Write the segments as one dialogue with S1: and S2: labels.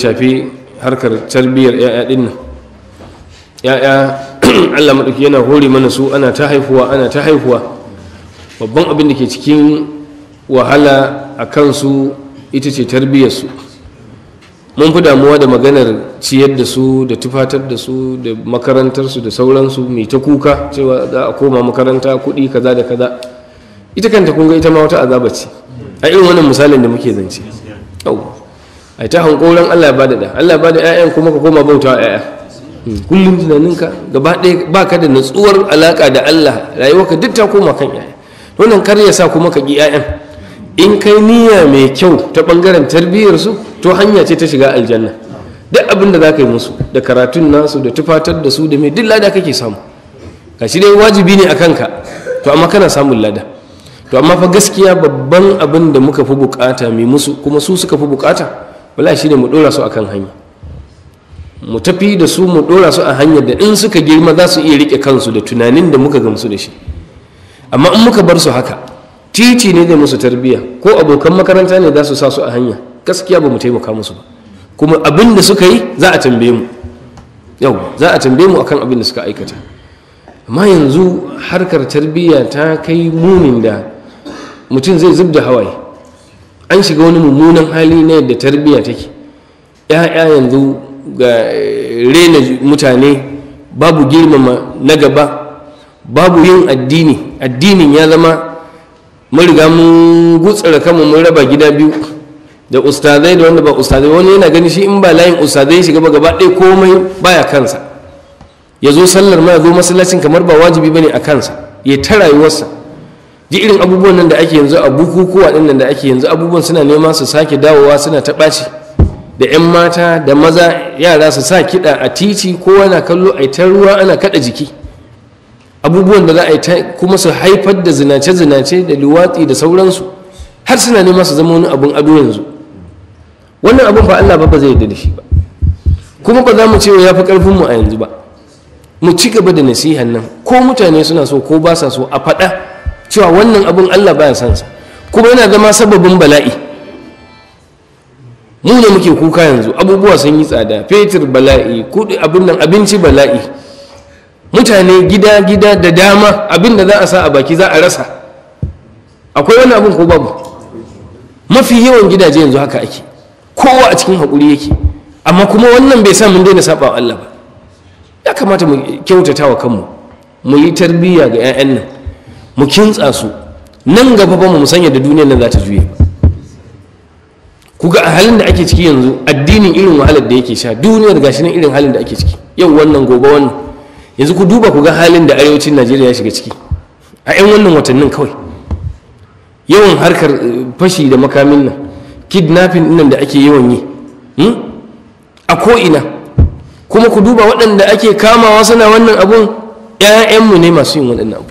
S1: shafi harkar tarbiyyar 'ya'ya din nan 'ya'ya allah maɗauki yana hori mana su ana ta haihuwa ana ta haihuwa babban abin da ke cikin wahala a kansu ita ce tarbiyyarsu mun fi damuwa da maganar ciyar da su da tufatar da su da makarantarsu da sauransu mai ta kuka cewa za a koma makaranta kuɗi kaza da kaza ita kanta kunga ita ma wata azaba ce a irin wannan misalin da muke zance a ta hankoran Allah ba da da Allah ba da 'ya'yan kuma ka koma bauta 'ya'ya hmm. kullum tunaninka gaba ɗaya ba ka da natsuwar alaƙa da Allah rayuwarka duk ta koma kan 'ya'ya wannan kar ya sa kuma ka ƙi 'ya'yan in kai niyya mai kyau ta ɓangaren su, to hanya ce ta shiga aljanna duk abin za ka yi musu da karatun nasu da tufatar da su da mai duk lada kake samu ka shi dai wajibi ne a kanka to amma kana samun lada to amma fa gaskiya babban abin da muka fi bukata mai musu kuma su suka fi bukata wala shi ne mu dora su akan hanya mu tafi da su mu dora su a hanyar da in suka girma za su iya rike kansu da tunanin da muka gamsu da shi amma in muka bar su haka titi ne zai musu tarbiyya ko abokan makaranta ne za su sa su a hanya gaskiya ba mu taimaka musu ba kuma abin da suka yi za a tambaye mu yau za a tambaye mu akan abin da suka aikata amma yanzu harkar tarbiyya ta kai munin da mutum zai zub da hawaye an shiga wani mummunan hali na yadda tarbiyya take ya'ya yanzu ga eh, rena mutane babu girmama na gaba babu yin addini addinin ya zama mariga riga mun gutsara kama mun raba gida biyu da ustazai da wanda ba ustazai wani yana gani shi in ba layin ustazai shiga ba gaba ɗaya komai baya kansa ya zo sallar ma ya zo masallacin kamar ba wajibi bane a kansa ya ta rayuwarsa ji irin abubuwan nan da ake yanzu a bukukuwa din nan da ake yanzu abubuwan suna nema su sake dawowa suna ta ɓaci da 'yan mata da maza yara su sa kiɗa a titi kowa na kallo a ta ruwa ana kaɗa jiki abubuwan da za a yi kuma su haifar da zinace-zinace da luwatsi da sauransu har suna nema su zama wani abun ado yanzu wannan abin ba Allah ba ba zai yarda da shi ba kuma ba za mu ce ya fi karfin mu a yanzu ba mu ci gaba da nasihan nan ko mutane suna so ko ba sa so a faɗa cewa wannan abin Allah baya son sa kuma yana zama sababin bala'i mu ne muke kuka yanzu abubuwa sun yi tsada fetur bala'i kudi abin nan abinci bala'i mutane gida gida da dama abin da za a sa a baki za a rasa akwai wani abin ko babu mafi yawan gidaje yanzu haka ake kowa a cikin haƙuri yake amma kuma wannan bai sa mun daina saba Allah ba ya kamata mu kyautata wa kanmu mu yi tarbiyya ga 'ya'yan nan mu kintsa su nan gaba ba mu san yadda duniyar nan za ta juye ku ga a halin da ake ciki yanzu addinin irin wahalar da yake sha duniyar gashi nan irin halin da ake ciki yau wannan gobe wannan yanzu ku duba ku ga halin da arewacin najeriya ya shiga ciki a 'yan wannan watannin kawai yawan harkar eh, fashi da makamin nan kidnapping nan da ake yawan yi hmm? a ko'ina kuma ku duba waɗanda ake kamawa suna wannan abun 'ya'yanmu ne masu yin waɗannan abu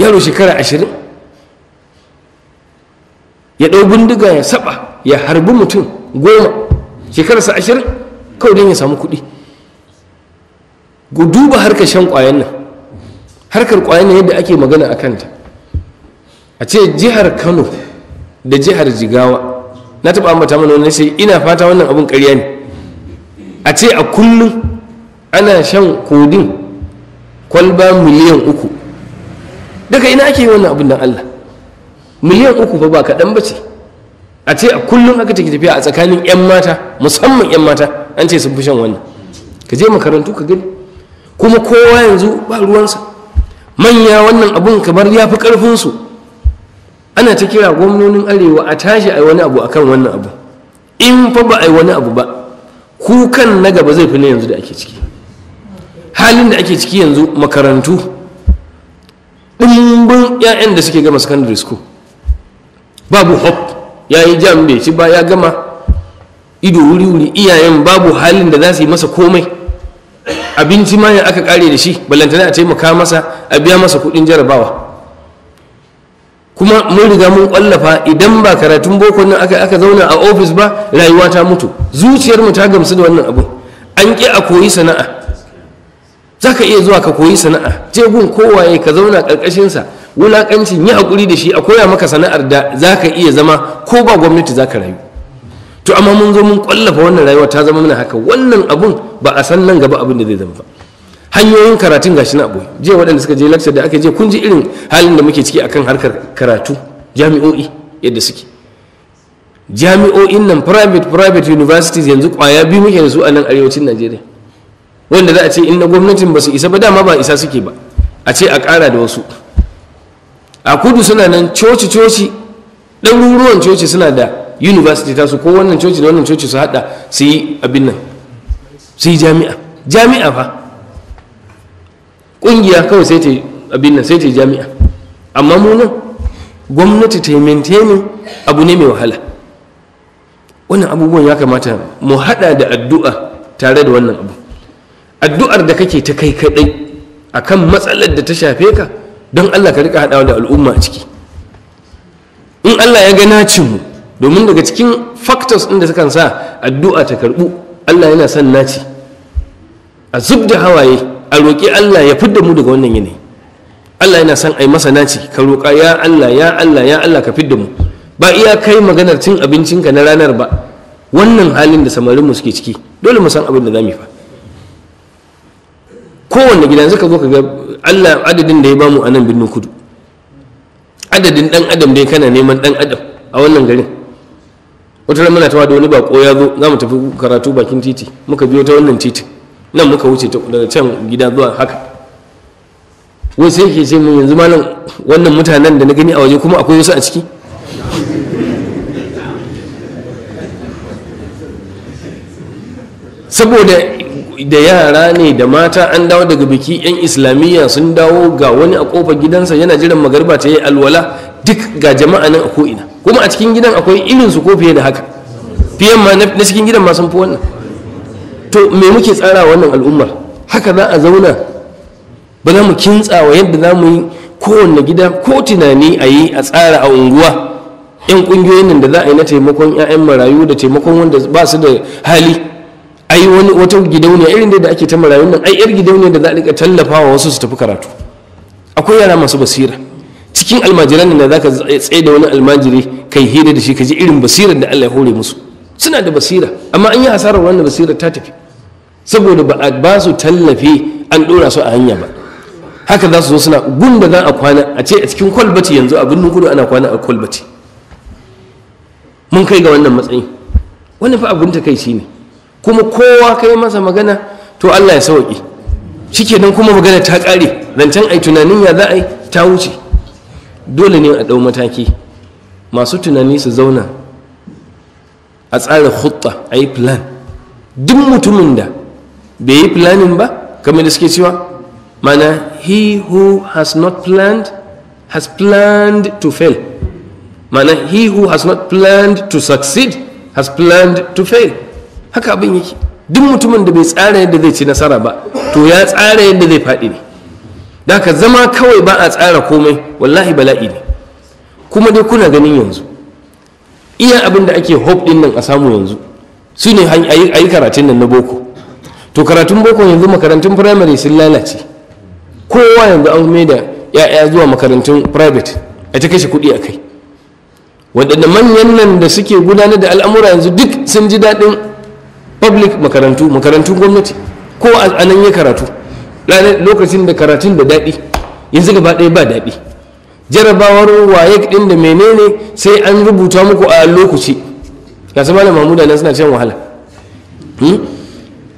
S1: yaro shekara ashirin ya ɗau bindiga ya saba ya harbi mutum goma shekararsa ashirin kawai don ya samu kuɗi duba harkar shan ƙwayan nan harkar ƙwayan nan yadda ake magana a kanta a ce jihar kano da jihar jigawa na taɓa ambata mana wani sai ina fata wannan abin ƙarya ne a ce a kullum ana shan kodin kwalba miliyan uku daga ina ake yi wannan abin nan Allah miliyan uku fa ba kaɗan ba ce a ce a kullum aka take tafiya a tsakanin 'yan mata musamman 'yan mata an ce sun fi shan wannan ka je makarantu ka gani kuma kowa yanzu ba ruwansa manya wannan abun kamar ya fi ƙarfinsu ana ta kira gwamnonin arewa a tashi a yi wani abu akan wannan abu in fa ba a yi wani abu ba kukan na gaba zai fi na yanzu da ake ciki halin da ake ciki yanzu makarantu ɗimbin 'ya'yan da suke gama secondary school babu hope ya yi jam bai ci ba ya gama ido wuri wuri iyayen babu halin da za su yi masa komai abinci ma ya aka kare da shi ballantana a taimaka masa a biya masa kuɗin jarabawa kuma mun riga mun kwallafa idan ba karatun boko nan aka aka zauna a ofis ba rayuwa ta mutu zuciyar mu ta gamsu da wannan abu an ƙi a koyi sana'a za ka iya zuwa ka koyi sana'a je gun kowaye ka zauna ƙarƙashinsa wulaƙancin yi hakuri da shi a koya maka sana'ar da za ka iya zama ko ba gwamnati za ka rayu to amma mun zo mun ƙwallafa wannan rayuwa ta zama mana haka wannan abun ba a san nan gaba abin da zai zama ba hanyoyin karatun gashi na boye je waɗanda suka je lecture da aka je kun ji irin halin da muke ciki akan harkar karatu jami'o'i yadda suke jami'o'in nan private private universities yanzu kwaya biyu muke da su a nan arewacin najeriya wanda za a ce in na gwamnatin ba su isa ba dama ba isa suke ba a ce a ƙara da wasu a kudu suna nan coci coci ɗaruruwan coci suna da university su, ko wannan coci da wannan coci su haɗa su yi abin nan su yi jami'a jami'a fa ƙungiya kawai sai ta abin nan sai ta yi jami'a amma muna gwamnati ta yi maintainin abu ne mai wahala wannan abubuwan ya kamata mu haɗa da addu'a tare da wannan abu addu'ar da kake ta kai kaɗai akan matsalar da ta shafe ka don allah ka rika haɗawa da al'umma a ciki in allah ya ga nacin mu domin daga cikin factors ɗin da takan sa addu'a ta karɓu allah yana son naci a zub da hawaye a roƙi allah ya fidda mu daga wannan yanayi allah yana son a yi masa naci ka roƙa ya allah ya allah ya allah ka fidda mu ba iya kai maganar cin abincinka na ranar ba wannan halin da samarin mu suke ciki dole mu san abin da za mu yi fa kowanne gida suka zo ka ga Allah adadin da ya bamu a nan birnin kudu adadin dan adam dai kana neman dan adam a wannan garin wata ran muna tawa da wani bako ya zo za mu tafi karatu bakin titi muka biyo ta wannan titi nan muka wuce daga can gida zuwa haka wai sai ke ce mun yanzu malam wannan mutanen da na gani a waje kuma akwai wasu a ciki saboda da yara ne da mata an dawo daga biki yan islamiyya sun dawo ga wani a kofar gidansa yana jiran magarba ta yi alwala duk ga jama'a nan a ko'ina kuma a cikin gidan akwai irinsu ko fiye da haka fiye ma na cikin gidan ma sun fi wannan to me muke tsara wannan al'ummar haka za a zauna ba za mu kintsa wa yadda za mu yi kowanne gida ko tunani a yi a tsara a unguwa yan kungiyoyin da za a yi na taimakon 'ya'yan marayu da taimakon wanda ba su da hali ai wani wata gidauniya irin da ake ta marayun nan ai yar gidauniya da za a rika tallafawa wasu su tafi karatu akwai yara masu basira cikin almajiran da zaka tsaye da wani almajiri kai hira da shi kaji irin basirar da Allah ya hore musu suna da basira amma an yi hasarar wannan basirar ta tafi saboda ba a ba su tallafi an dora su a hanya ba haka za su zo suna gunda za a kwana a ce a cikin kwalbati yanzu a birnin kudu ana kwana a kwalbati mun kai ga wannan matsayi wani fa kai shi ne kuma kowa ka yi masa magana to Allah ya sauki nan kuma magana ta kare zancen yi tunanin ya za a yi ta wuce dole ne a ɗau mataki masu tunani su zauna a tsara hutta a yi plan duk mutumin da bai yi planning ba kamar da suke cewa mana he who has not planned has planned to fail mana he who has not planned to succeed has planned to fail haka abin yake duk mutumin da bai tsara yadda zai ci nasara ba to ya tsara yadda zai faɗi ne da ka zama kawai ba a tsara komai wallahi bala'i ne kuma dai kuna ganin yanzu iya abin da ake hope din nan a samu yanzu su ne a karatun nan na boko to karatun boko yanzu makarantun primary sun lalace kowa yanzu an mai da ya'ya zuwa makarantun private a ta kashe kuɗi a kai waɗanda manyan nan da suke gudanar da al'amura yanzu duk sun ji daɗin public makarantu makarantun gwamnati ko a nan ya karatu lokacin da karatun da daɗi yanzu gaba ɗaya ba daɗi jarabawar waye ɗin da menene sai an rubuta muku a lokaci ya zama da mamuda nan suna cin wahala hmm?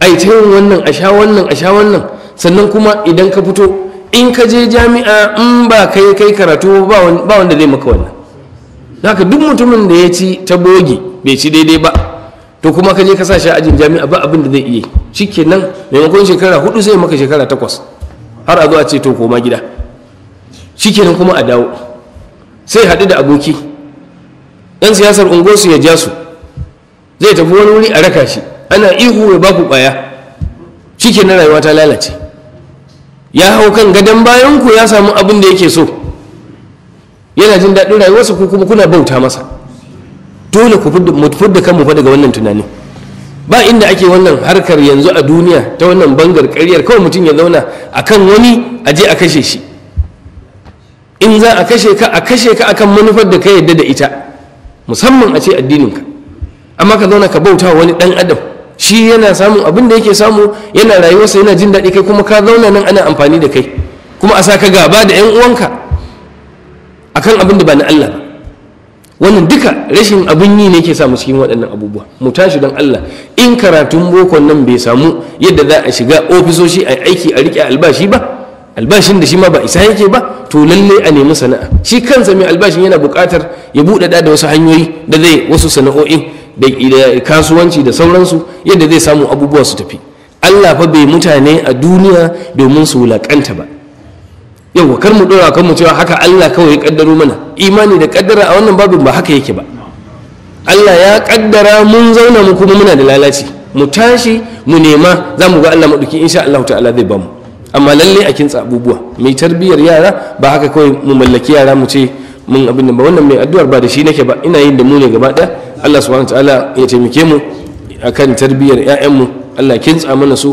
S1: a yi ta yin wannan a sha wannan a sha wannan sannan kuma idan ka fito in ka je jami'a in ba kai kai karatu ba wanda zai maka wannan haka duk mutumin da ya ci ta bogi bai ci daidai ba to kuma ka je ka sa shi ajin jami'a ba abin da zai iya shikenan maimakon shekara hudu sai maka shekara takwas har a zo ce to koma gida shikenan kuma a dawo sai haɗu da aboki ɗan siyasar unguwarsu ya ja su zai tafi wani wuri a raka shi ana ihu ya baku ƙwaya shikenan rayuwa ta lalace ya hau kan gadon bayanku ya samu abin da yake so yana jin daɗin rayuwarsa ko kuma kuna bauta masa dole ku fudda kanmu fa daga wannan tunanin ba inda ake wannan harkar yanzu a duniya ta wannan bangar karyar kawai mutum ya zauna a kan wani a je a kashe shi in za a kashe ka a kashe ka akan manufar da ka yadda da ita musamman a ce addininka amma ka zauna ka bauta wani dan adam shi yana samun abin da yake samu yana rayuwarsa yana jin daɗi kai kuma ka zauna nan ana amfani da kai kuma a sa ka gaba da 'yan uwanka akan abin da ba na Allah ba wannan duka rashin abin yi ne ke sa musu cikin waɗannan abubuwa mu tashi don Allah in karatun bokon nan bai samu yadda za a shiga ofisoshi a aiki a riƙe albashi ba albashin da shi ma ba isa yake ba to lalle a nemi sana'a shi kan mai albashin yana buƙatar ya buɗe da wasu hanyoyi da zai wasu sana'o'in da kasuwanci da sauransu yadda zai samu abubuwa su tafi Allah fa bai mutane a duniya domin su wulaƙanta ba yau kar mu dora kan mu cewa haka Allah kawai ya kaddaro mana imani da kaddara a wannan babin ba haka yake ba Allah ya kaddara mun zauna mu kuma muna da lalaci mu tashi mu nema za mu ga Allah maɗauki insha Allah ta'ala zai bamu amma lalle a kintsa abubuwa mai tarbiyyar yara ba haka kawai mu mallaki yara mu ce mun abin da ba wannan mai addu'ar ba da shi nake ba ina yin da mu ne gaba ɗaya Allah subhanahu wa ta'ala ya taimake mu akan tarbiyyar 'ya'yanmu Allah kintsa mana su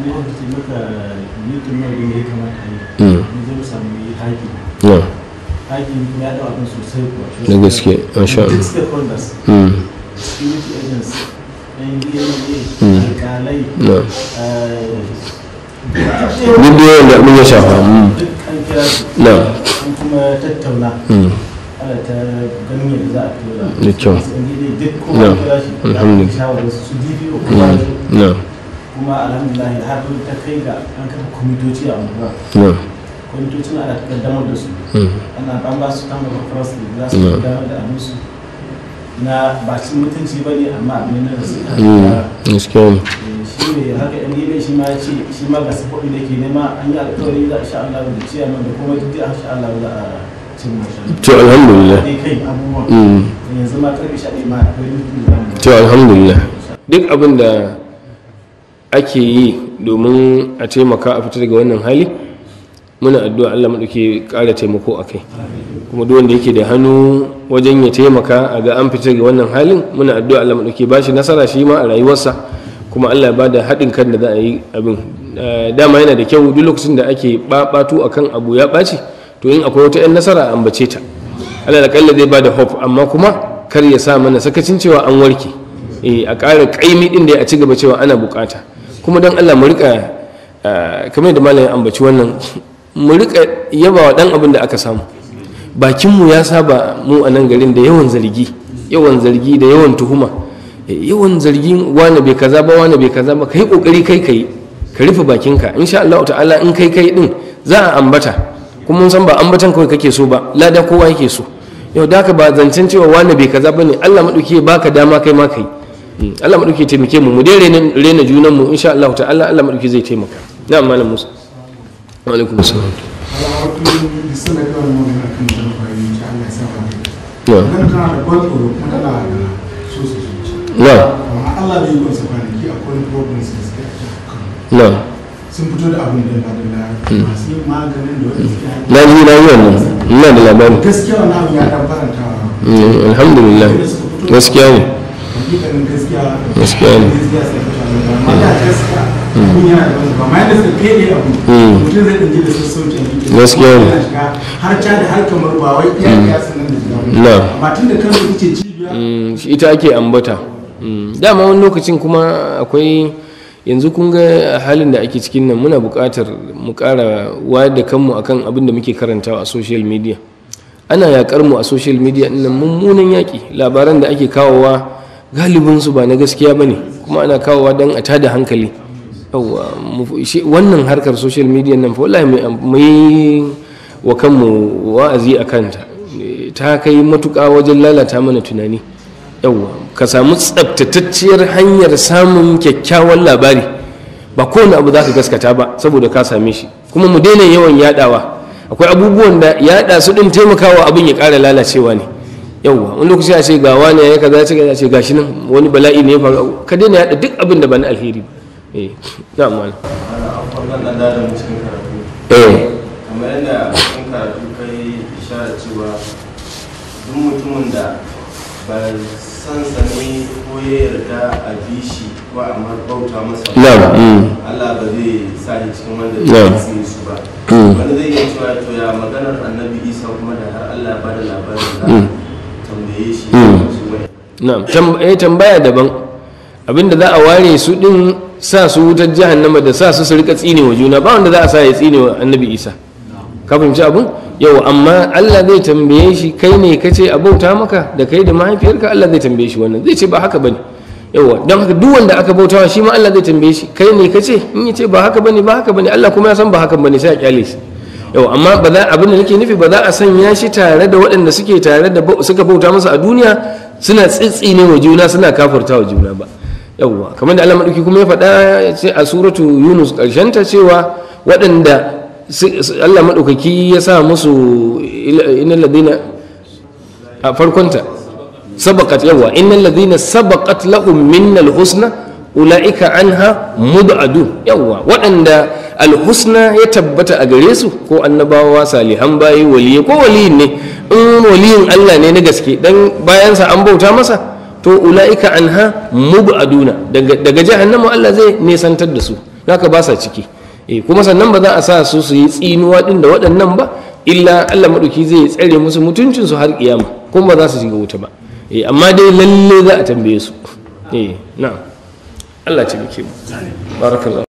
S2: no na gaske masha Allah duk da yawan da abin ya shafa na kuma tattauna ana ta ganin yadda za a tura da kyau na alhamdulillah kuma alhamdulillah har ta kai ga an kafa kwamitoci a unguwa kwamitocin kaddamar da su hmm. ana ba su kama da za su kaddamar da abinsu na bacin mutunci ba ne amma abin da su hmm. eh, shi ne haka yan yi shi ma ce shi ma ga da ke nema an yi alkawari za a sha Allah da ciya da kuma duk a sha Allah za a hmm. to
S1: alhamdulillah duk abin da ake yi domin a taimaka a fita daga wannan hali muna addu'a Allah maɗauke ƙara taimako a kai kuma duk wanda yake da hannu wajen ya taimaka a ga an fita ga wannan halin muna addu'a Allah maɗauke ba shi nasara shi ma a rayuwarsa kuma Allah ba da haɗin kan da za a yi abin eh, dama yana da kyau duk lokacin da ake ɓaɓatu a kan abu ya ɓaci to in akwai wata 'yan nasara an bace ta Allah da ƙalla zai ba da hope amma kuma kar ya sa mana sakacin cewa an warke eh, a ƙara ƙaimi ɗin da ya ci gaba cewa ana buƙata kuma don allah mu rika eh, kamar da malam ambaci wannan mu rika yaba wa dan abin da aka samu bakinmu ya saba mu a nan garin da yawan zargi yawan zargi da yawan tuhuma eh, yawan zargin wani bai kaza ba wani bai kaza ba kai kokari kai kai ka rufe bakinka insha Allah ta'ala in kai kai din za a ambata kuma mun san ba ambatan kawai kake so ba lada kowa yake so yau da ka ba zancen cewa wani bai kaza ba ne Allah madauki ya baka dama kai ma kai Allah madauki taimake mu mu dai rena junan mu insha Allah ta'ala Allah madauki zai taimaka na malam Musa wa alaikum assalam na
S2: sun fito da abin da ba da masu maganin da wani suke na yi na yi wannan ina da labarin gaskiya wani abu ya dan faranta mm, alhamdulillah gaskiya ne gaskiya gaskiya ne har
S1: hmm, ita ake ambata hmm. dama wani lokacin kuma akwai yanzu kun ga halin da ake cikin nan muna buƙatar mu ƙara wayar da kanmu akan abin da muke karantawa a social media ana yakar mu a social media nan mummunan yaki labaran da ake kawowa galibinsu ba na gaskiya ba ne kuma ana kawowa don a tada hankali wannan harkar social media nan fa wallahi mai wa kanmu wa'azi a kanta ta kai matuƙa wajen lalata mana tunani yawwa ka samu tsabtatacciyar hanyar samun kyakkyawan labari ba kowane abu za ka gaskata ba saboda ka same shi kuma mu daina yawan yadawa akwai abubuwan da yada su din taimakawa abin ya ƙara lalacewa ne yauwa wani lokaci a ce ga wani ya kaza ce kaza ce gashi nan wani bala'i ne ya faru ka daina yada duk abin da ba na alheri ba eh na amana eh
S2: kamar yadda cikin karatu kai ishara cewa duk mutumin da ba san sani ko ya yarda a bi shi ko a bauta masa ba, mm. Allah ba zai
S1: sa shi cikin wanda ya yi su ba mm.
S2: wanda zai iya cewa to ya maganar annabi Isa kuma da har Allah ba da labarin Hmm.
S1: na'am eh, tambaya daban abinda za a ware su din sa su wutar jahannama da sa su su rika tsine wa juna ba wanda za a sa ya tsine wa annabi isa ka fahimci abun yau amma Allah zai tambaye shi kai ne ka ce a bauta maka da kai da mahaifiyarka Allah zai tambaye shi wannan zai ce ba haka bane yawa don haka duk wanda aka bautawa shi ma Allah zai tambaye shi kai ne ka ce in ya ce ba haka bane ba haka bane Allah kuma ya san ba haka bane sai a kyale shi yau amma ba za abin da nake nufi ba za a sanya shi tare da waɗanda suke tare da suka bauta masa a duniya suna ne wa juna suna kafurta wa juna ba yauwa kamar da Allah madauki kuma ya faɗa a suratu Yunus ta cewa waɗanda Allah madaukaki ya sa musu innal ladina a farkonta sabaqat yawwa innal ladina sabaqat lahum minnal husna ula'ika anha mub'adu yawa. waɗanda alhusna ya tabbata a gare su ko annabawa salihan bayi waliye ko waliyin ne in waliyin Allah ne na gaske dan bayansa an bauta masa to ula'ika anha mub'aduna daga jihar jahannama Allah zai nesantar da su haka ba sa ciki eh, kuma sannan ba za a sa su su yi tsinuwa din da waɗannan ba illa Allah maɗauki zai tsare musu mutuncin su har kiyama kuma ba za su shiga wuta ba eh, amma dai lalle za a tambaye su eh na'am Allah ce muke mu barakallahu